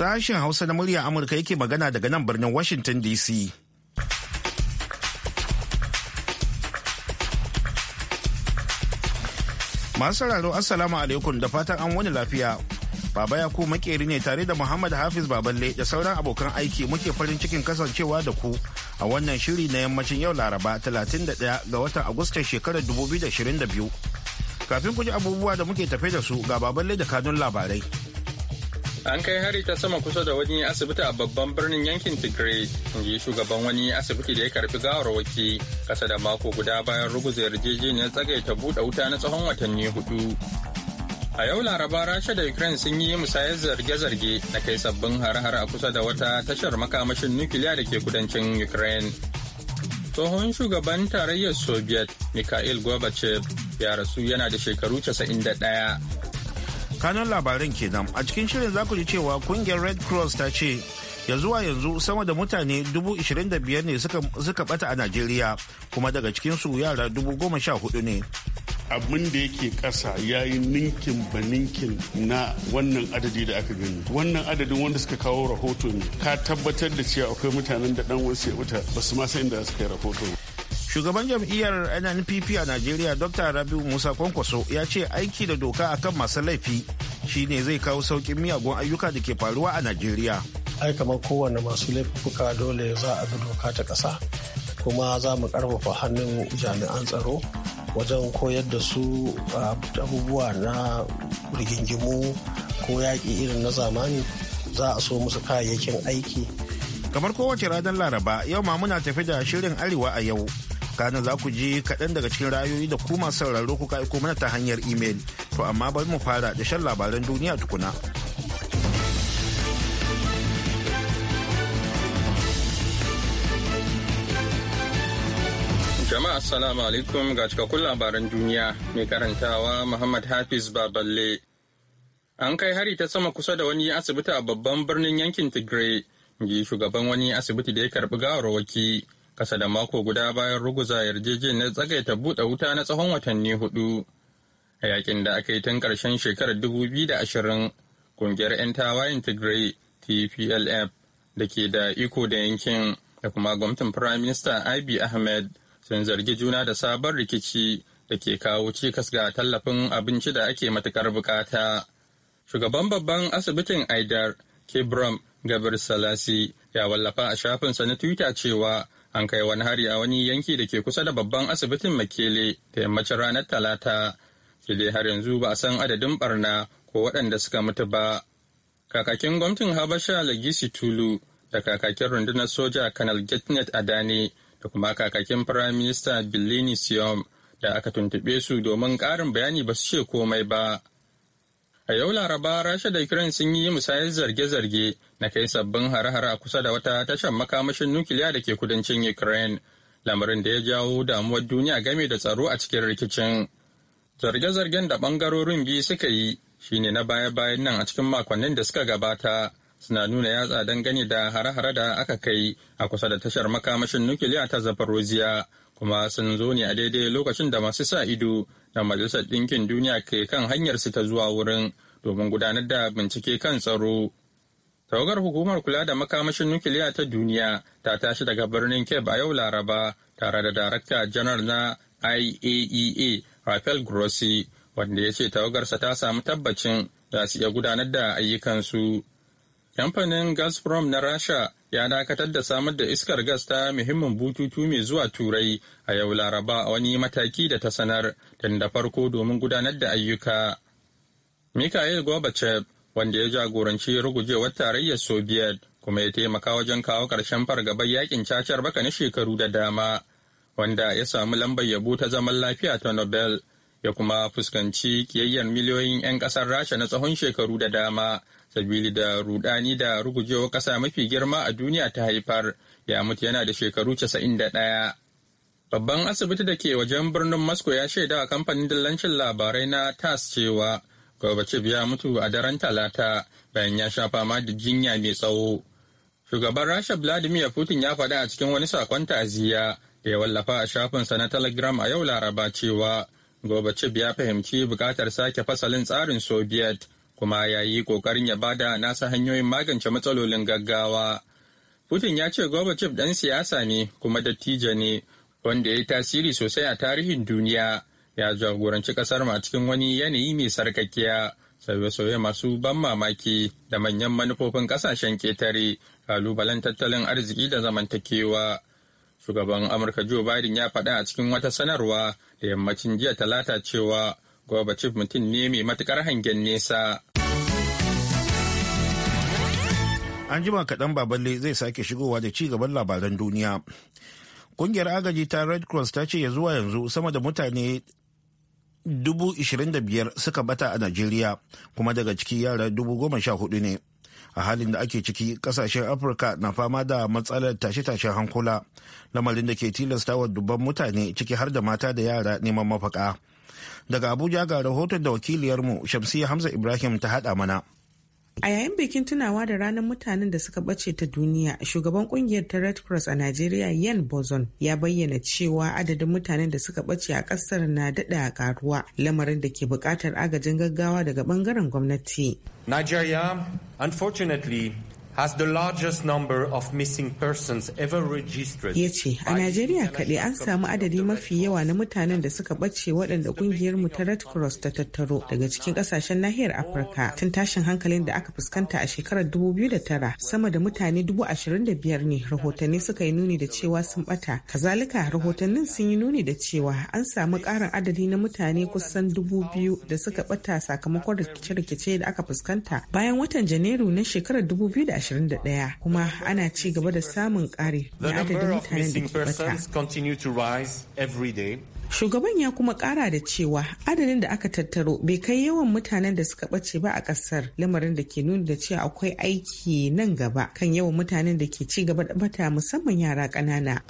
Sashen Hausa na murya Amurka yake magana daga nan birnin Washington DC. Masu sauraro Assalamu alaikum da fatan an wani lafiya. Baba Yakubu makeri ne tare da Muhammad Hafiz Baballe da sauran abokan aiki muke farin cikin kasancewa da ku a wannan shiri na yammacin yau Laraba 31 ga watan Agustan shekarar 2022. Kafin ku ji abubuwa da muke tafe da su ga Baballe da kanun labarai. An kai hari ta sama kusa da wani asibiti a babban birnin yankin Tigray, inji shugaban wani asibiti da ya karfi gawar waki kasa da mako guda bayan ruguza yarjejeniyar tsagaita buɗe wuta na tsawon watanni hudu. A yau Laraba Rasha da Ukraine sun yi musayar zarge-zarge na kai sabbin har-har a kusa da wata tashar makamashin nukiliya da ke kudancin Ukraine. Tsohon shugaban tarayyar Soviet Mikhail Gorbachev ya rasu yana da shekaru 91. Kanun labaran kenan a cikin shirin za ku ji cewa kungiyar Red Cross ta ce ya zuwa yanzu sama da mutane 25,000 ne suka bata a Najeriya kuma daga cikinsu yara 14,000 ne. abin da yake kasa ya yi ninkin ba ninkin na wannan adadi da aka gani wannan adadin wanda suka kawo rahoto ne ka tabbatar da cewa akwai mutanen da dan wasu ya wuta ba su ma inda suka yi rahoto shugaban jam'iyyar nnpp a najeriya dr rabiu musa kwankwaso ya ce aiki da doka akan masu laifi shine zai kawo saukin miyagun ayyuka da ke faruwa a najeriya ai kamar kowane masu laifuka dole za a bi doka ta ƙasa kuma za mu ƙarfafa hannun jami'an tsaro wajen koyar da su ah, abubuwa na rigingimu ko yaƙi irin na zamani za a so musu kayayyakin aiki. Kamar kowace ranar Laraba yau ma muna tafi da shirin Arewa a yau. Kana za ku ji kaɗan daga cikin rayoyi da kuma sauraro kuka aiko mana ta hanyar imel. To amma bari mu fara da shan labaran duniya tukuna. Jama'a Assalamu alaikum ga cikakkun labaran duniya mai karantawa Muhammad Hafiz Baballe. An kai hari ta sama kusa da wani asibiti a babban birnin yankin Tigray, ji shugaban wani asibiti da ya karbi gawarwaki kasa da mako guda bayan ruguza yarjejeniyar ta buɗe wuta na tsawon watanni hudu. A yakin da aka yi tun karshen shekarar dubu biyu da ashirin kungiyar 'yan tawayen Tigray TPLF da ke da iko da yankin da kuma gwamnatin Firayim Minista ibi Ahmed sun zargi juna da sabon rikici da ke kawo cikas ga tallafin abinci da ake matukar bukata. Shugaban babban asibitin Aidar, Kebram Gabir Salasi, ya wallafa a shafinsa na Twitter cewa an kai wani hari a wani yanki da ke kusa da babban asibitin Makele da yammacin ranar Talata. Sai dai har yanzu ba a san adadin barna ko waɗanda suka mutu ba. Kakakin gwamnatin Habasha Lagisi Tulu da kakakin rundunar soja Kanal Getnet Adani da kuma kakakin Firayim Minista Billini Siyom da aka tuntuɓe su domin ƙarin bayani ba su ce komai ba. A yau Laraba, Rasha da Ukraine sun yi musayar zarge-zarge na kai sabbin hare-hare a kusa da wata tashar makamashin nukiliya da ke kudancin Ukraine, lamarin da ya jawo damuwar duniya game da tsaro a cikin rikicin. Zarge-zargen da ɓangarorin biyu suka yi shine na baya-bayan nan a cikin makonnin da suka gabata. suna nuna yatsa dangane da hare-hare da aka kai a kusa da tashar makamashin nukiliya ta zafaroziya kuma sun zo ne a daidai lokacin da masu sa ido da majalisar ɗinkin duniya ke kan hanyarsu ta zuwa wurin domin gudanar da bincike kan tsaro. Tawagar hukumar kula da makamashin nukiliya ta duniya ta tashi daga birnin Cape a yau Laraba tare da Darakta Janar na IAEA e Rafael Grossi wanda ya ce tawagarsa ta samu tabbacin za su iya gudanar da ayyukansu. Kamfanin Gazprom na Rasha ya dakatar da samar da iskar gas ta muhimmin bututu mai zuwa Turai a yau Laraba a wani mataki da ta sanar tun da farko domin gudanar da ayyuka. Mikhail Gorbachev, wanda ya jagoranci rugujewar tarayyar Soviet, kuma ya taimaka wajen kawo ƙarshen fargabar yakin cacar baka na shekaru da dama, wanda ya samu lambar yabo ta zaman lafiya ta Nobel ya kuma fuskanci kiyayyen miliyoyin 'yan ƙasar rasha na tsawon shekaru da dama sabili da rudani da rugujewa ƙasa mafi girma a duniya ta haifar ya mutu yana da shekaru 91 babban asibiti da ke wajen birnin moscow ya shaida a kamfanin dillancin labarai na tas cewa gorbachev ya mutu a daren talata bayan ya sha fama da jinya mai tsawo shugaban rasha vladimir putin ya faɗa a cikin wani sakon ta'aziyya da ya wallafa a shafinsa na telegram a yau laraba cewa Gorbachev ya fahimci bukatar sake fasalin tsarin Soviet kuma ya yi ƙoƙarin ya bada nasa hanyoyin magance matsalolin gaggawa. Putin ya ce Gorbachev ɗan siyasa ne kuma dattijo ne wanda ya yi tasiri sosai a tarihin duniya ya jagoranci ƙasar ma cikin wani yanayi mai sarkakiya sauye-sauye masu ban mamaki da manyan manufofin ƙasashen ƙetare kalubalen tattalin arziki da zamantakewa. Shugaban Amurka Joe Biden ya faɗa a cikin wata sanarwa da yammacin jiya talata cewa Gorbachev mutum ne mai matukar hangen nesa. An jima kaɗan baballe zai sake shigowa da ci gaban labaran duniya. ƙungiyar agaji ta Red Cross ta ce ya zuwa yanzu sama da mutane 25,000 suka bata a Najeriya kuma daga ciki yara 14 ne. a halin da ake ciki kasashen afirka na fama da matsalar tashe-tashen hankula lamarin da ke tilasta wa dubban mutane ciki har da mata da yara neman mafaka daga abuja ga rahoton da wakiliyarmu shamsiya hamza ibrahim ta hada mana A yayin bikin tunawa da ranar mutanen da suka ɓace ta duniya, shugaban kungiyar ta Red Cross a Najeriya Yan Bozon ya bayyana cewa adadin mutanen da suka ɓace a ƙasar na daɗa karuwa, lamarin da ke buƙatar agajin gaggawa daga ɓangaren gwamnati. Nigeria, unfortunately, has the largest number of missing persons ever registered. Ya ce, a Najeriya kaɗai an samu adadi mafi yawa na mutanen da suka ɓace waɗanda ƙungiyar mu ta Red Cross ta tattaro daga cikin ƙasashen nahiyar Afirka tun tashin hankalin da aka fuskanta a shekarar 2009 sama da mutane 25,000 ne rahotanni suka yi nuni da cewa sun ɓata. Kazalika rahotannin sun yi nuni da cewa an samu ƙarin adadi na mutane kusan 2,000 da suka ɓata sakamakon rikice-rikice da aka fuskanta bayan watan Janairu na shekarar 2020. 2021 kuma ana ci gaba da samun ƙari na adadin mutanen da ke bata. Shugaban ya kuma kara da cewa adadin da aka tattaro bai kai yawan mutanen da suka ɓace ba a ƙasar lamarin da ke nuna da cewa akwai aiki nan gaba kan yawan mutanen da ke ci gaba da bata musamman yara ƙanana.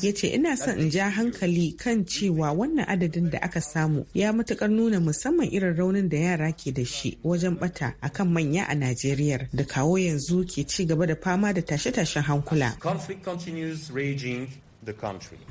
Ya ce ina son in ja hankali kan cewa wannan adadin da aka samu ya matukar nuna musamman irin raunin da yara ke da shi wajen bata kan manya a Najeriya da kawo yanzu ke ci gaba da fama da tashe-tashen hankula.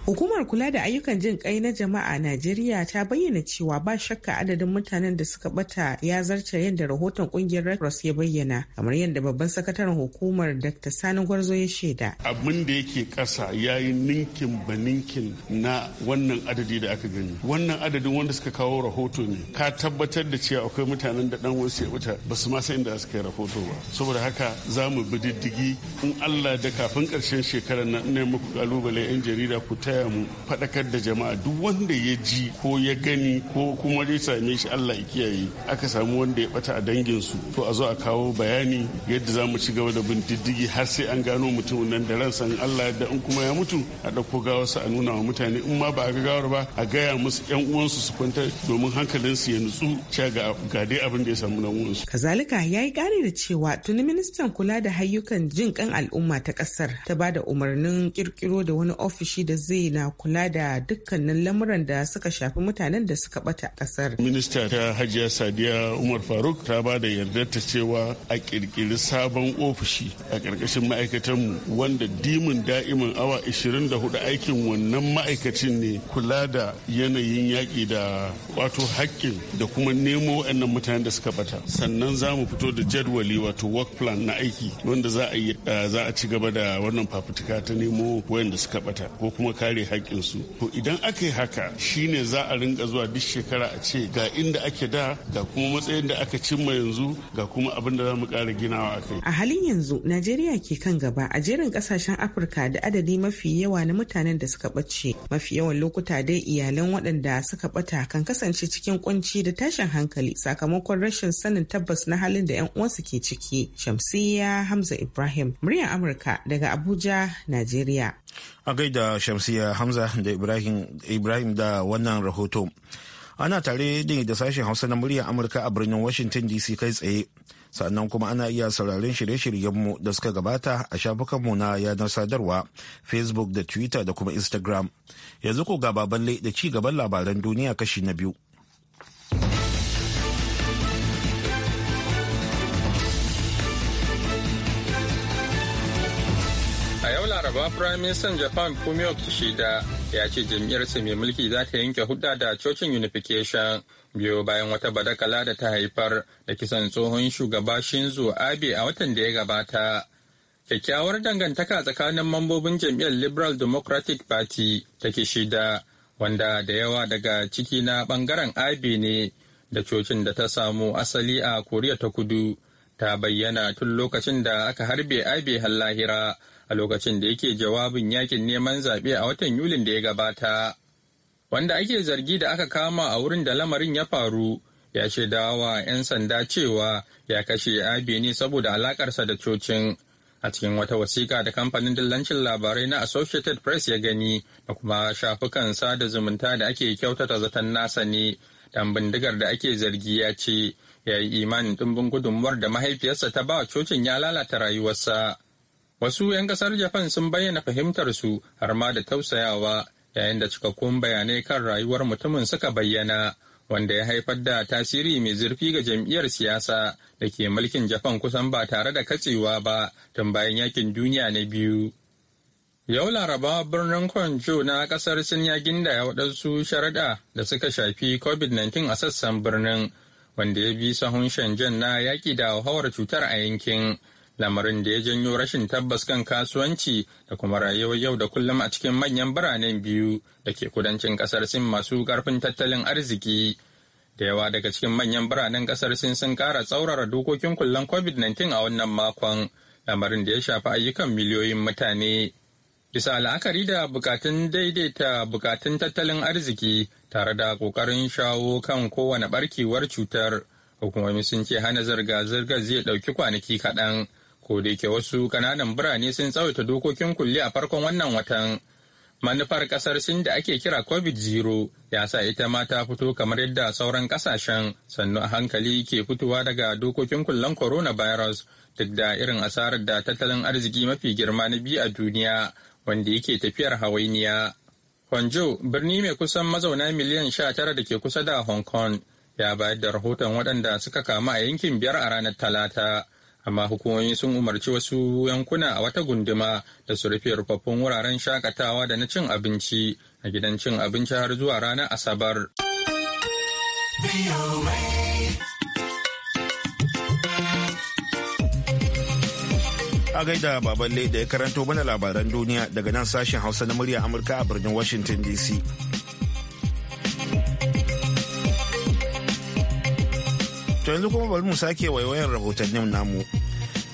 Hukumar kula da ayyukan jin kai na jama'a Najeriya ta bayyana cewa ba shakka adadin mutanen da suka bata ya zarce yadda rahoton kungiyar Red Cross ya bayyana kamar yadda babban sakataren hukumar Dr. Sani Gwarzo ya shaida. Abin da yake kasa ya yi ninkin ba ninkin na wannan adadi da aka gani. Wannan adadin wanda suka kawo rahoto ne ka tabbatar da cewa akwai mutanen da dan wasu ya wuta ba su ma san inda suka yi rahoto ba. Saboda haka za mu bi diddigi in Allah da kafin karshen shekarar nan ne muku kalubale 'yan jarida ku taya mu faɗakar da jama'a duk wanda ya ji ko ya gani ko kuma ya same shi Allah ya kiyaye aka samu wanda ya bata a dangin su to a zo a kawo bayani yadda za mu ci gaba da bin diddigi har sai an gano mutumin nan da ransa Allah da in kuma ya mutu a ɗauko gawarsa a nuna wa mutane in ma ba a ga gawar ba a gaya musu 'yan uwansu su kwanta domin su ya nutsu cewa ga dai abin da ya samu nan uwansu. Kazalika ya yi ƙari da cewa tuni ministan kula da hayyukan jin kan al'umma ta ƙasar ta ba da umarnin kirkiro da wani ofishi da zai na kula da dukkanin lamuran da suka shafi mutanen da suka bata kasar. Minista ta Hajiya Sadiya Umar Faruk ta ba da yardar ta cewa a kirkiri sabon ofishi a ƙarƙashin ma'aikatanmu wanda dimin da'imin awa 24 aikin wannan ma'aikacin ne kula da yanayin yaƙi da wato haƙƙin da kuma nemo wa'annan mutanen da suka bata. Sannan za mu fito da jadwali wato work plan na aiki wanda za a eh, ci gaba da wannan fafutuka ta nemo wayanda suka bata. bukata ko kuma kare haƙƙinsu to idan aka yi haka shine za a ringa zuwa duk shekara a ce ga inda ake da ga kuma matsayin da aka cimma yanzu ga kuma abin da za mu ƙara ginawa a kai a halin yanzu najeriya ke kan gaba a jerin ƙasashen afirka da adadi mafi yawa na mutanen da suka ɓace mafi yawan lokuta dai iyalan waɗanda suka ɓata kan kasance cikin kunci da tashin hankali sakamakon rashin sanin tabbas na halin da 'yan uwansu ke ciki shamsiya hamza ibrahim muryar amurka daga abuja najeriya a gaida shamsiya hamza da ibrahim da wannan rahoto ana tare ne da sashen hausa na murya amurka a birnin washington dc kai tsaye sannan kuma ana iya sauraron shirye-shiryenmu da suka gabata a shafukanmu na yanar sadarwa facebook da twitter da kuma instagram yanzu ko ga baballe da ci gaban labaran duniya kashi na biyu laraba firaministan japan fumio kishida ya ce jam'iyyarsa mai mulki za ta yanke hudda da cocin unification biyo bayan wata badakala da ta haifar da kisan tsohon shugaba shinzo abe a watan da ya gabata kyakkyawar dangantaka tsakanin mambobin jam'iyyar liberal democratic party ta kishida wanda da yawa daga ciki na bangaren abe ne da cocin da ta samu asali a koriya ta kudu ta bayyana tun lokacin da aka harbe Abe Hallahira a lokacin da yake jawabin yakin neman zaɓe a watan Yulin da ya gabata. Wanda ake zargi da aka kama a wurin da lamarin ya faru ya shaidawa 'yan sanda cewa ya kashe Abe ne saboda alakarsa da cocin. A cikin wata wasiƙa da kamfanin dillancin labarai na Associated Press ya gani da kuma shafukan sada zumunta da ake kyautata zaton nasa ne, dan bindigar da ake zargi ya ce ya yi imanin ɗumbin gudunmuwar da mahaifiyarsa ta ba cocin ya lalata rayuwarsa. Wasu 'yan kasar Japan sun bayyana fahimtarsu har ma da tausayawa yayin da cikakkun bayanai kan rayuwar mutumin suka bayyana wanda ya haifar da tasiri mai zurfi ga jam'iyyar siyasa da ke mulkin Japan kusan ba tare da katsewa ba tun bayan yakin duniya na biyu. Yau Laraba birnin Kwanjo na kasar Sin ya ya waɗansu sharaɗa da suka shafi COVID-19 a sassan birnin wanda ya bi sahun Shenzhen na yaƙi da hauhawar cutar a yankin lamarin da ya janyo rashin tabbas kan kasuwanci da kuma rayuwar yau da kullum a cikin manyan biranen biyu da ke kudancin kasar sin masu karfin tattalin arziki da yawa daga cikin manyan biranen kasar sin sun ƙara tsaurara dokokin kullum covid-19 a wannan makon lamarin da ya shafi ayyukan miliyoyin mutane bisa la'akari da bukatun daidaita bukatun tattalin arziki tare da kokarin shawo kan kowane barkewar cutar hukumomi sun ce hana zirga-zirgar zai ɗauki kwanaki kaɗan ko da yake wasu kananan birane sun tsawaita dokokin kulle a farkon wannan watan manufar kasar sin da ake kira covid zero ya sa ita ma ta fito kamar yadda sauran kasashen sannu a hankali ke fitowa daga dokokin kullen coronavirus duk da irin asarar da tattalin arziki mafi girma na biyu a duniya wanda yake tafiyar hawainiya. honjo birni mai kusan mazauna miliyan sha tara da ke kusa da Hong Kong ya bayar da rahoton waɗanda suka kamu a yankin biyar a ranar Talata. Amma hukumomi sun umarci wasu yankuna a wata gunduma da su rufe rufaffun wuraren shakatawa da na cin abinci a gidan cin abinci har zuwa ranar Asabar. a gaida baban da ya karanto mana labaran duniya daga nan sashen hausa na murya amurka a birnin washington dc to yanzu kuma bari mu sake waiwayan rahotannin namu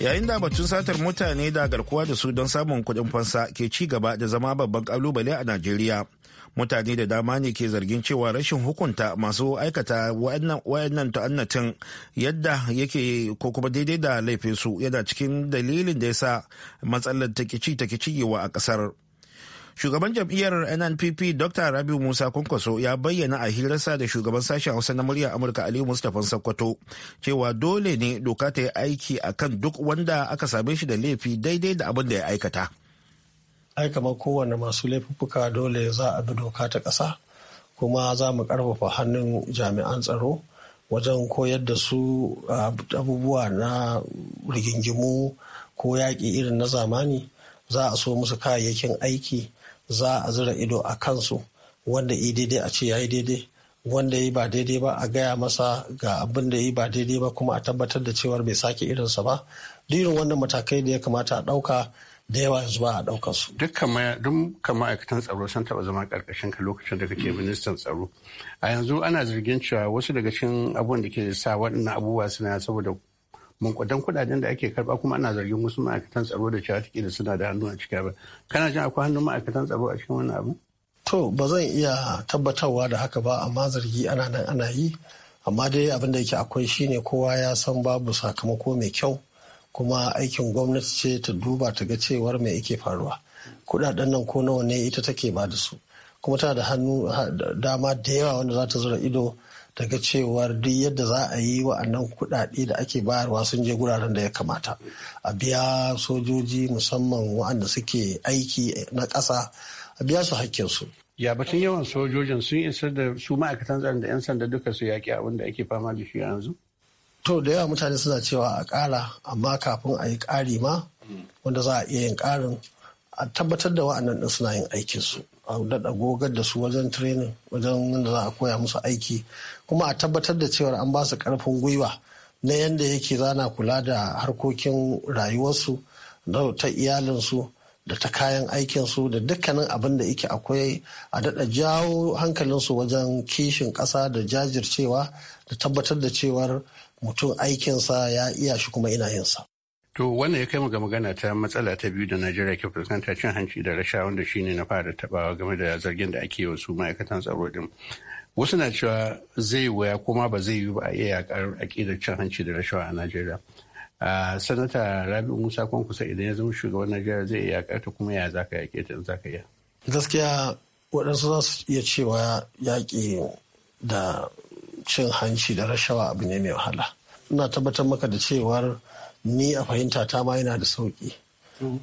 yayin da batun satar mutane da garkuwa da su don samun kuɗin fansa ke ci gaba da zama babban kalubale a najeriya mutane da dama ne ke zargin cewa rashin hukunta masu aikata wayannan ta'annatin yadda yake ko kuma daidai da laifinsu yana cikin dalilin da ya sa matsalar takici takici a kasar shugaban jam'iyyar nnpp dr rabiu musa kwankwaso ya bayyana a hirarsa da shugaban sashen hausa na murya amurka ali mustapha sakkwato cewa dole ne doka ta yi aiki akan duk wanda aka same shi da laifi daidai da abin da ya aikata ai kamar kowane masu laifuka dole za a bi doka ta ƙasa kuma za mu ƙarfafa hannun jami'an tsaro wajen koyar da su abubuwa na rigingimu ko yaƙi irin na zamani za a so musu kayayyakin aiki za a zira ido a kansu wanda yi daidai a ce ya yi daidai wanda yi ba daidai ba a gaya masa ga abin da yi ba daidai ba kuma a tabbatar da cewar bai sake irinsa ba duk irin wannan matakai da ya kamata a ɗauka da yawa yanzu ba a ɗauka su. Dukkan ma'aikatan tsaro sun taɓa zama ƙarƙashin ka lokacin da kake ministan tsaro. A yanzu ana zargin cewa wasu daga cikin abubuwan da ke sa waɗannan abubuwa suna saboda munƙudan kuɗaɗen da ake karɓa kuma ana zargin wasu ma'aikatan tsaro da cewa take da suna da hannu a cikin abin. Kana jin akwai hannun ma'aikatan tsaro a cikin wannan abu? To ba zan iya tabbatarwa da haka ba amma zargi ana nan ana yi. Amma dai abin da yake akwai shine kowa ya san babu sakamako mai kyau. kuma aikin gwamnati ce ta duba ta ga cewar mai yake faruwa kudaden nan ko nawa ne ita take ba da su kuma tana da hannu dama da yawa wanda za ta zura ido daga cewar duk yadda za a yi wa'annan kudade da ake bayarwa sun je guraren da ya kamata a biya sojoji musamman wa'anda suke aiki na ƙasa a biya su hakkinsu ya batun yawan sojojin sun isar da su ma'aikatan tsaron da 'yan sanda duka su yaƙi abin da ake fama da shi yanzu to da yawa mutane suna cewa a kara amma kafin a yi ƙari ma wanda za a iya yin ƙarin a tabbatar da wa'annan ɗin suna yin aikin su a daɗa gogar da su wajen training wajen wanda za a koya musu aiki kuma a tabbatar da cewa an ba su ƙarfin gwiwa na yadda yake zana kula da harkokin rayuwarsu da ta iyalinsu da ta kayan aikinsu da dukkanin abin da yake akwai a daɗa jawo hankalinsu wajen kishin ƙasa da jajircewa da tabbatar da cewar mutum aikinsa ya iya shi kuma ina yinsa. To wannan ya kai mu ga magana ta matsala ta biyu da Najeriya ke fuskanta cin hanci da rasha wanda shine na fara tabawa game da zargin da ake wasu ma'aikatan tsaro din. Wasu na cewa zai waya kuma ba zai yi ba a iya yakar aƙidar cin hanci da rashawa a Najeriya. Sanata Rabi Musa Kwankusa idan ya zama shugaban Najeriya zai iya yakar ta kuma ya za ka yaƙe ta in za ka iya. Gaskiya waɗansu za su iya cewa yaƙi da cin hanci da rashawa abu ne mai wahala ina tabbatar maka da cewar ni a fahimta ta ma yana da sauki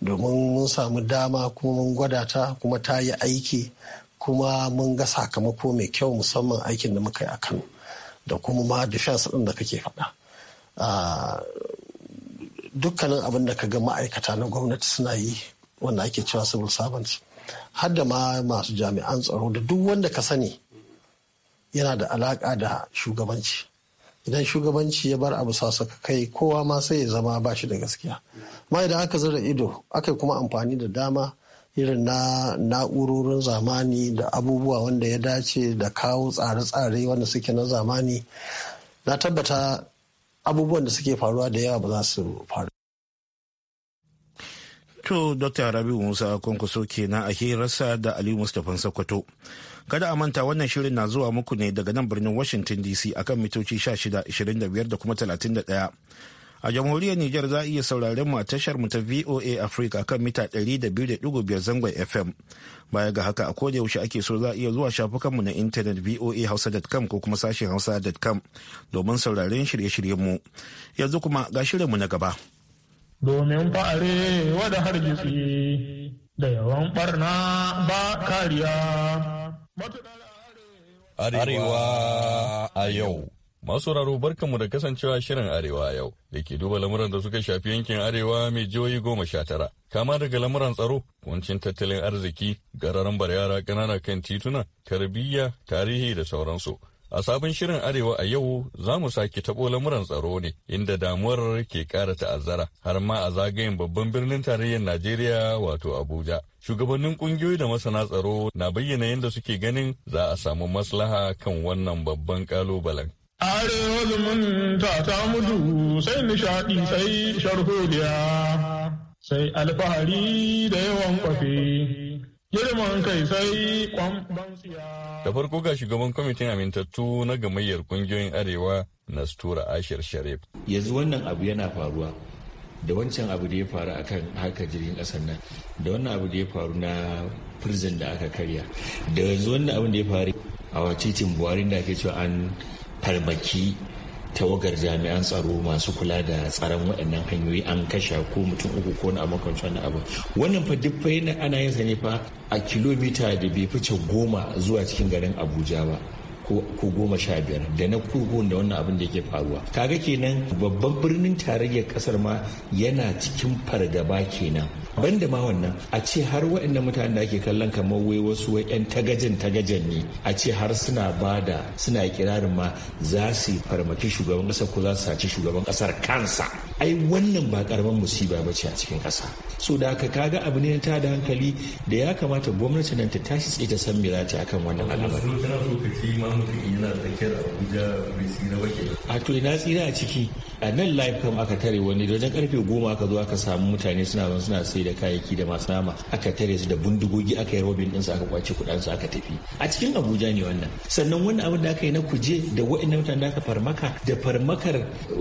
domin mun samu dama kuma mun gwada ta kuma ta yi aiki kuma mun ga sakamako mai kyau musamman aikin da muka yi a kano da kuma ma defense din da kake faɗa ah, dukkanin abin da ka ga ma'aikata na gwamnati suna yi wanda ake cewa civil servants har da ma masu jami'an tsaro da duk wanda ka sani yana da alaƙa da shugabanci idan shugabanci ya bar abu sasaka kai kowa ma sai ya zama ba shi da gaskiya ma idan aka zira ido aka kuma amfani da dama irin na na'urorin zamani da abubuwa wanda ya dace da kawo tsare-tsare wanda suke na zamani na tabbata abubuwan da suke faruwa da yawa ba za su faru to dr rabiu musa kwankwaso kenan a hirarsa da ali mustapha sokoto Kada a manta wannan shirin na zuwa muku ne daga nan birnin Washington DC akan mitoci 1625 da kuma 31. a jamhuriyar niger za a iya sauraren mu a tashar mu ta VOA Africa kan mita 200.5 zangon FM. Baya ga haka a koda yaushe ake so za a iya zuwa shafukanmu na intanet voa voahausa.com ko kuma sashen hausa.com domin sauraren shirye-shiryen mu. Yanzu kuma ga shirin mu na gaba. Domin fa'are wada hargitsi da yawan barna ba kariya. Arewa a yau. Masu raro barkanmu da kasancewa shirin Arewa yau da ke duba lamuran da suka shafi yankin Arewa mai jihohi goma sha tara. Kama daga lamuran tsaro, kuncin tattalin arziki, gararan bar yara ƙanana kan tituna, tarbiyya, tarihi da sauransu. A sabon shirin Arewa a yau za mu sake taɓo lamuran tsaro ne inda damuwar ke ƙara ta'azzara har ma a zagayen babban birnin tarayyar Najeriya wato Abuja. Shugabannin ƙungiyoyi da masana tsaro na bayyana yadda suke ganin za a samu maslaha kan wannan babban ƙalubalen. Arewa zumunta ta mutu sai nishaɗi sai sharholiya sai alfahari da yawan kwafe. Da farko ga shugaban kwamitin amintattu na gamayyar kungiyoyin Arewa Nastura Ashir Sharif. Yanzu wannan abu yana faruwa da wancan abu da ya faru kan haka jirgin kasar nan da wannan abu da ya faru na prison da aka karya da yanzu wannan abu da ya faru a wacicin buhari da ake cewa an farmaki tawagar jami'an tsaro masu kula da tsaron waɗannan hanyoyi an kashe ko mutum uku ko na makwanci wani abu wannan fa duk ana yin sa ne fa a kilomita da bai fice goma zuwa cikin garin abuja ba ko goma sha biyar da na kogon da wannan abin da yake faruwa kaga kenan babban birnin tarayyar kasar ma yana cikin fargaba kenan ban da ma wannan a ce har waɗannan mutanen da ake kallon kamar wai wasu wai yan tagajin tagajin ne a ce har suna bada suna kirarin ma za su yi farmaki shugaban kasar ko za su saci shugaban kasar kansa ai wannan ba karamin musiba ba ce a cikin ƙasa so da aka kaga abu ne ta da hankali da ya kamata gwamnati nan ta tashi tsaye ta san mira ta akan wannan al'amari a to ina tsira a ciki a nan live kam aka tare wani da wajen karfe goma aka zo aka samu mutane suna ban suna sai da kayayyaki da masu nama aka tare su da bindigogi aka yi robin ɗinsu aka kwace kuɗansu aka tafi a cikin abuja ne wannan sannan wannan abin da aka yi na kuje da wa'in mutane da aka farmaka da farmakar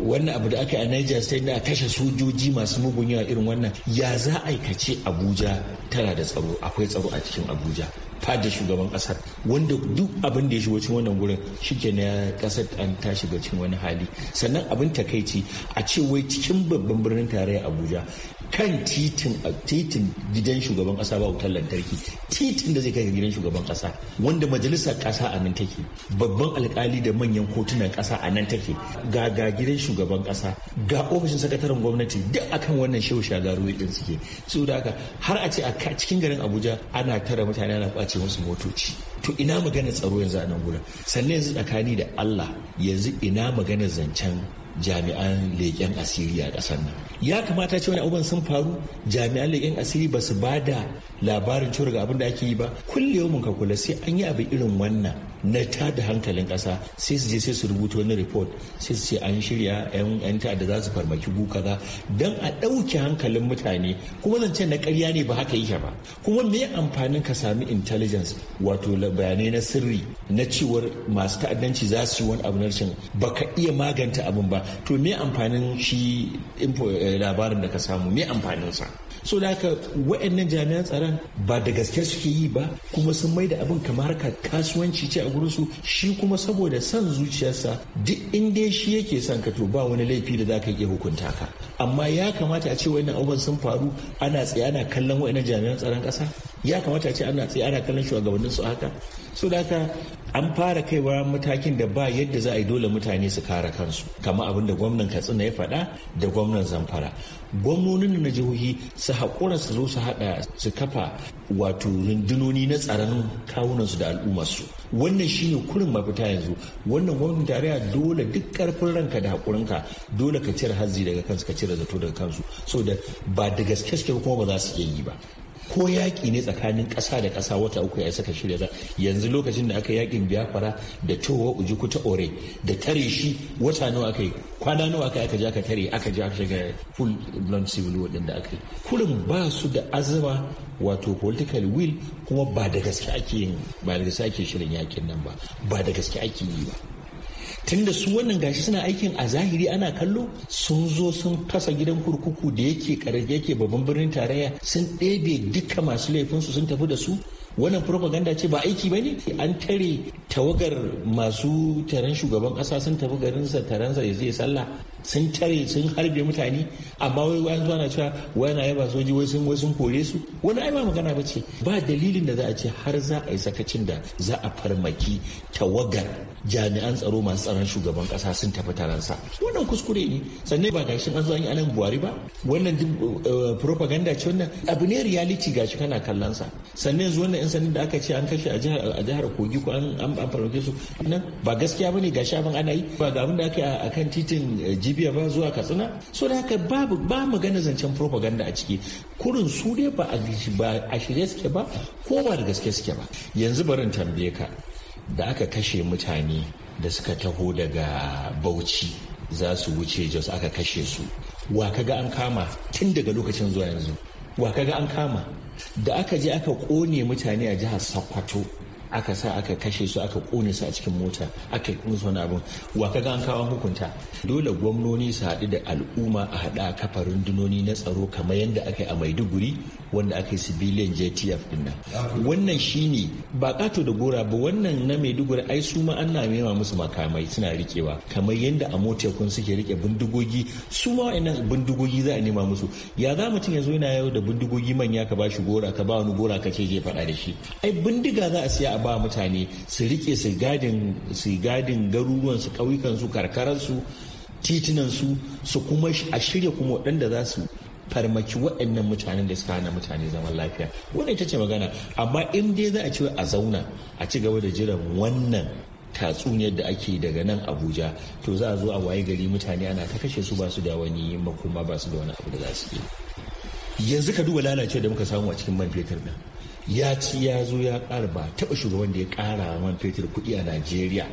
wannan abu da aka yi a niger state ya kashe sojoji masu mugun yawa irin wannan ya za aikace abuja tana da tsaro akwai tsaro a cikin abuja fada shugaban kasar wanda duk abin da ya shigo cikin wannan gurin ke na kasar an ta shiga cikin wani hali sannan abin takaici a ce wai cikin babban birnin tarayya abuja kan titin titin gidan shugaban kasa ba wutar lantarki titin da zai kai gidan shugaban kasa wanda majalisar kasa a nan take babban alkali da manyan kotunan kasa a nan take ga ga gidan shugaban kasa ga ofishin sakataren gwamnati duk akan wannan shehu shagaru din suke su da haka har a ce a cikin garin abuja ana tara mutane ana kwace musu motoci to ina maganar tsaro yanzu a nan gurin sannan yanzu tsakani da allah yanzu ina maganar zancen jami'an leƙen asiri a ƙasar nan ya kamata ce wani abubuwan sun faru jami'an leƙen asiri ba su ba da labarin cewa ga abin da ake yi ba kulle mun ka kula sai an yi abu irin wannan na tada hankalin kasa sai su je sai su rubuta wani report sai su ce an shirya 'yan ta'adda za su farmaki gu kaza don a ɗauke hankalin mutane kuma zance na ƙarya ne ba haka yake ba kuma me amfanin ka sami intelligence wato bayanai na sirri na cewar masu ta'addanci za su yi wani abu na rashin baka iya maganta abin ba to me amfanin shi eh, labarin da ka samu me amfanin sa. so da haka wa'annan jami'an tsaron ba da gaske suke yi ba kuma sun mai da abin kamar ka kasuwanci ce a gurinsu shi kuma saboda son zuciyarsa duk inda shi yake son ka to ba wani laifi da za ka iya hukunta ka amma ya kamata a ce wa'annan abubuwan sun faru ana tsaye ana kallon wa'annan jami'an tsaron ƙasa ya kamata ce ana tsaye ana kallon shugabannin su haka su da haka an fara kaiwa matakin da ba yadda za a yi dole mutane su kare kansu kamar abin da gwamnan katsina ya faɗa da gwamnan zamfara gwamnonin na jihohi su haƙura su zo su haɗa su kafa wato rundunoni na tsaron kawunansu da al'ummarsu wannan shine kurin mafita yanzu wannan gwamnatin tarayya dole duk karfin ranka da haƙurinka dole ka cire hazzi daga kansu ka cire zato daga kansu so da ba da gaske suke kuma ba za su iya yi ba ko yaƙi ne tsakanin ƙasa da ƙasa wata uku ya saka shirya za yanzu lokacin da aka yaƙin biyafara da cewa uji ta ore da tare shi wata nawa aka yi kwana nawa aka aka je aka tare aka aka shiga full blown civil war din da aka yi kurin ba su da azuma wato political will kuma ba da gaske ake yin ba da gaske ake shirin yaƙin nan ba ba da gaske ake yi ba tunda su wannan gashi suna aikin a zahiri ana kallo sun zo sun fasa gidan kurkuku da yake yake babban birnin tarayya sun ɗebe duka masu laifinsu sun tafi da su wannan propaganda ce ba aiki ba ne an tare tawagar masu taron shugaban kasa sun tafi garinsa taronsa ya zai sallah sun tare sun harbe mutane amma wai wani zuwa na cewa wai na yaba soji wai sun wai sun kore su wani ai ba magana ba ce ba dalilin da za a ce har za a yi sakacin da za a farmaki tawagar jami'an tsaro masu tsaron shugaban kasa sun tafi taransa wannan kuskure ne sannan ba gashin an zo an yi anan buhari ba wannan duk eh, propaganda ce wannan abu ne reality gashi kana kallon sa sannan yanzu wannan yan sanin da aka ce an kashe a jihar kogi ko an an farauke su nan ba gaskiya bane gashi abin ana yi ba ga abin da aka a kan titin eh, jibiya ba zuwa katsina so da haka babu ba magana zancen propaganda a ciki kurin su dai ba a shirye suke ba ko ba da gaske suke ba yanzu barin tambaye ka da aka kashe mutane da suka taho daga bauchi za su wuce jos aka kashe su wa kaga an kama tun daga lokacin zuwa yanzu wa kaga an kama da aka je aka kone mutane a jihar sokoto aka sa aka kashe su aka kone su a cikin mota aka musu wani abin wa kaga an kawo hukunta dole gwamnoni su haɗu da al'umma a haɗa kafa rundunoni na tsaro kamar yadda aka yi a maiduguri wanda aka yi civilian jtf din nan wannan shine ba kato da gora ba wannan na maiduguri ai su ma an na musu makamai suna rikewa kamar yadda a mota kun suke rike bindigogi su ma wa'annan bindigogi za a nema musu ya za mutum ya zo yana yau da bindigogi manya ka ba shi gora ka ba wani gora ka ce zai faɗa da shi ai bindiga za a siya a ba mutane su rike su gadin su gadin garuruwan su ƙauyukan su karkaran su titunan su su kuma a shirya kuma waɗanda za su farmaki waɗannan mutanen da suka hana mutane zaman lafiya wannan ita ce magana amma in dai za a ce a zauna a ci gaba da jiran wannan tatsuniyar da ake daga nan abuja to za a zo a waye gari mutane ana ta kashe su basu da wani makoma ba su da wani abu da za su yi yanzu ka duba lalacewa da muka samu a cikin man fetur nan ya ci ya zo ya ƙara ba taɓa shugaban da ya ƙara man fetur kuɗi a najeriya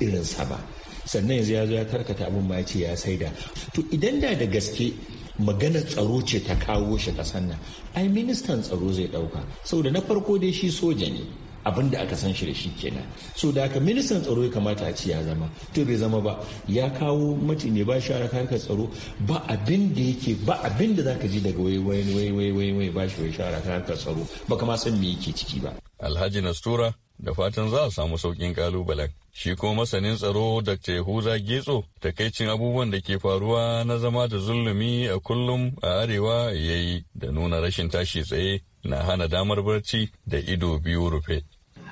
irinsa ba sannan yanzu ya zo ya tarkata abin ma ya ce ya saida to idan da da gaske magana tsaro ce ta kawo shi kasan nan ai ministan tsaro zai ɗauka saboda na farko dai shi soja ne abin da aka san shi da shi kenan so da aka ministan tsaro ya kamata a ce ya zama to bai zama ba ya kawo mace ne ba shi harkar tsaro ba abin da yake ba abin da zaka ji daga wai wai wai wai wai wai ba shi wai shi harkar tsaro ba kama san me yake ciki ba Alhaji Nastura da fatan za a samu sauƙin kalubalen shi ko masanin tsaro Dr. Yahuza Getso takaicin abubuwan da ke faruwa na zama da zulumi a kullum a arewa yayi da nuna rashin tashi tsaye na hana damar barci da ido biyu rufe.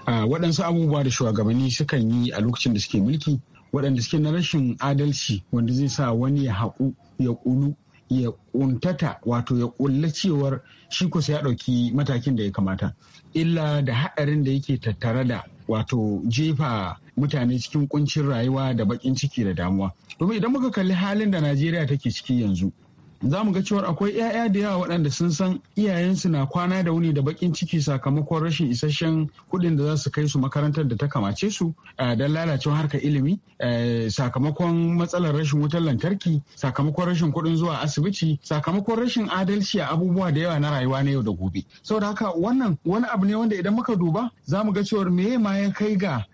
waɗansu abubuwa da shugabanni sukan yi a lokacin da suke mulki waɗanda suke na rashin adalci wanda zai sa wani ya haƙu ya ƙulu ya ƙuntata wato ya ƙulla cewar shi kusa ya ɗauki matakin da ya kamata illa da haɗarin da yake tattare da wato jefa mutane cikin kuncin rayuwa da baƙin ciki da damuwa domin idan muka kalli halin da najeriya take ciki yanzu za mu ga cewar akwai 'ya'ya da yawa waɗanda sun san iyayensu na kwana da wuni da bakin ciki sakamakon rashin isasshen kuɗin da za su kai su makarantar da ta kamace su don lalacewa harkar ilimi sakamakon matsalar rashin wutar lantarki sakamakon rashin kuɗin zuwa asibiti sakamakon rashin adalci a abubuwa da yawa na rayuwa na yau da gobe saboda haka wannan wani abu ne wanda idan muka duba za mu ga cewar meye ma ya kai ga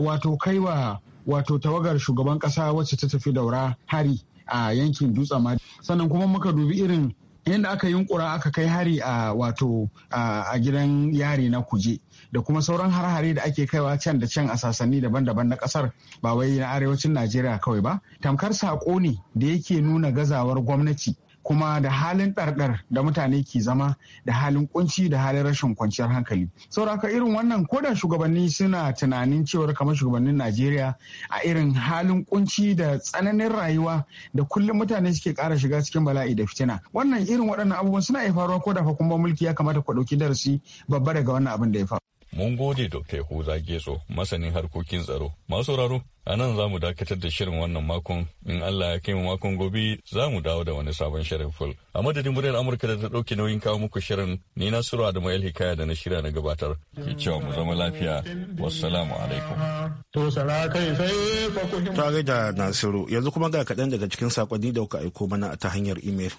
wato kaiwa wato tawagar shugaban kasa wacce ta tafi daura hari a yankin dutsen ma sannan kuma muka dubi irin yadda aka yunkura aka kai hari a wato a gidan yari na kuje da kuma sauran har-hare da ake kaiwa can da can a sasanni daban-daban na kasar ba wai na arewacin najeriya kawai ba tamkar saƙo ne da yake nuna gazawar gwamnati kuma da halin ɗarɗar da mutane ke zama da halin kunci da halin rashin kwanciyar hankali sauraka irin wannan koda shugabanni suna tunanin cewar kamar shugabannin najeriya a irin halin kunci da tsananin rayuwa da kullum mutane suke ƙara shiga cikin bala'i da fitina wannan irin waɗannan abubuwan suna iya faruwa ko da fa kuma mulki ya kamata ku ɗauki darasi babba daga wannan abin da ya faru Mun gode Dr. Huza Getso, masanin harkokin tsaro. Masu sauraro, a nan za mu dakatar da shirin wannan makon. In Allah ya kai mu makon gobe, za mu dawo da wani sabon shirin full. A madadin muryar Amurka da ta ɗauki nauyin kawo muku shirin, ni na Sura da Mayel Hikaya da na shirya na gabatar. Ke cewa mu zama lafiya. Wassalamu alaikum. To sala sai fa kun Ta ga da Nasiru, yanzu kuma ga kaɗan daga cikin sakonni da kuka aiko mana ta hanyar imel.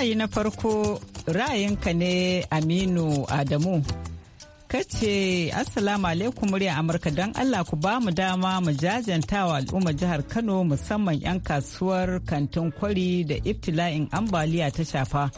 ra'ayi na farko ra'ayinka ne aminu adamu kace assalamu alaikum murya amurka don allah ku ba mu dama mu jajantawa al'ummar jihar kano musamman 'yan kasuwar kantin kwari da ibtila'in ambaliya ta shafa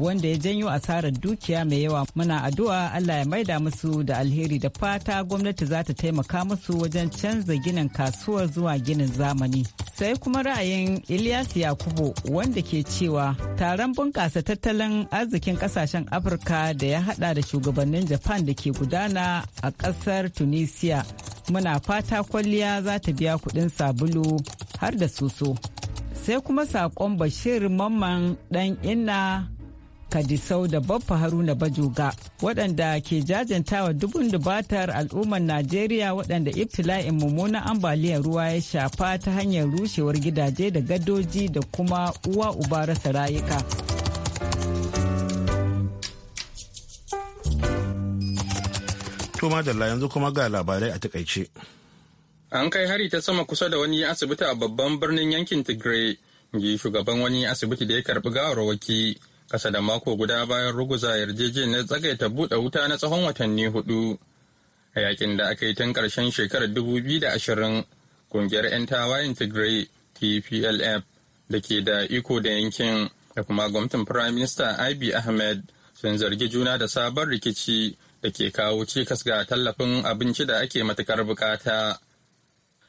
wanda ya janyo asarar dukiya mai yawa muna addu'a Allah ya maida musu da alheri da fata gwamnati za ta taimaka musu wajen canza ginin kasuwar zuwa ginin zamani. Sai kuma ra'ayin Ilyas Yakubu wanda ke cewa taron bunƙasa tattalin arzikin ƙasashen Afirka da ya haɗa da shugabannin Japan da ke gudana a ƙasar Tunisia. Muna fata kwalliya za ta biya kuɗin sabulu har da soso. Sai kuma saƙon Bashir Mamman ɗan inna Kadisau da Baffa Haruna Bajoga waɗanda ke jajantawa dubun dubatar al'ummar Najeriya waɗanda ibtila'in mummunan ambaliyar ruwa ya shafa ta hanyar rushewar gidaje da gadoji da kuma uwa uba rasa rayuka. Tuma da yanzu kuma ga labarai a takaice. An kai hari ta sama kusa da wani asibiti a babban birnin yankin Tigray, shugaban wani asibiti da ya karbi gawarwaki. kasa da mako guda bayan ruguza yarjejeniyar tsagaita buɗe wuta na tsawon watanni hudu a yakin da aka yi tun karshen shekarar 2020 kungiyar 'yan tawayen tigray tplf da ke da iko da yankin da kuma gwamnatin prime minister ib ahmed sun zargi juna da sabon rikici da ke kawo cikas ga tallafin abinci da ake matukar bukata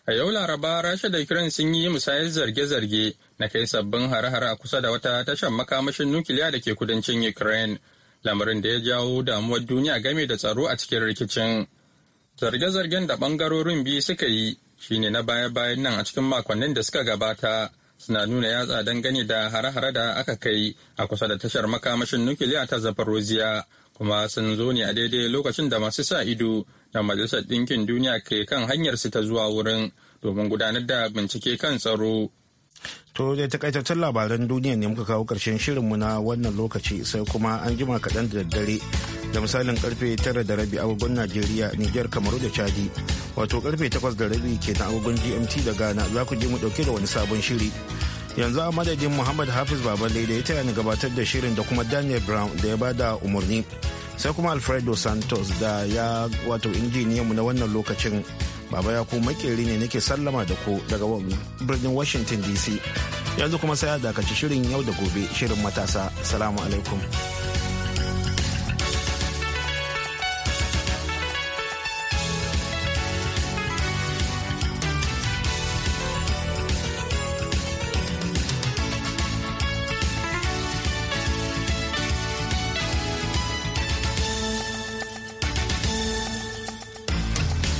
A yau Laraba, Rasha da Ukraine sun yi musayar zarge-zarge na kai sabbin hare-hare a kusa da wata tashar makamashin nukiliya da ke kudancin Ukraine, lamarin da ya jawo damuwar duniya game da tsaro a cikin rikicin. Zarge-zargen da bangarorin biyu suka yi shi ne na baya-bayan nan a cikin makonnin da suka gabata suna nuna yatsa dangane da hare-hare da aka kai a kusa da tashar makamashin nukiliya ta zafaroziya kuma sun zo ne a daidai lokacin da masu sa ido da Majalisar Ɗinkin Duniya ke kan hanyarsu ta zuwa wurin domin gudanar da bincike kan tsaro. To da takaitattun labaran duniya ne muka kawo ƙarshen mu na wannan lokaci sai kuma an jima kaɗan da daddare da misalin karfe tara da rabi agogon Najeriya, Nijar, Kamaru da Chadi. Wato karfe takwas da rabi ke na agogon GMT da Ghana za ku je mu ɗauke da wani sabon shiri. Yanzu a madadin Muhammad Hafiz Babalai da ya taya ni gabatar da shirin da kuma Daniel Brown da ya bada umarni. sai kuma alfredo santos da ya wato mu na wannan lokacin baba ya ku makeri ne nake sallama da ku daga birnin washington dc yanzu kuma sai ya dakaci shirin yau da gobe shirin matasa salamu alaikum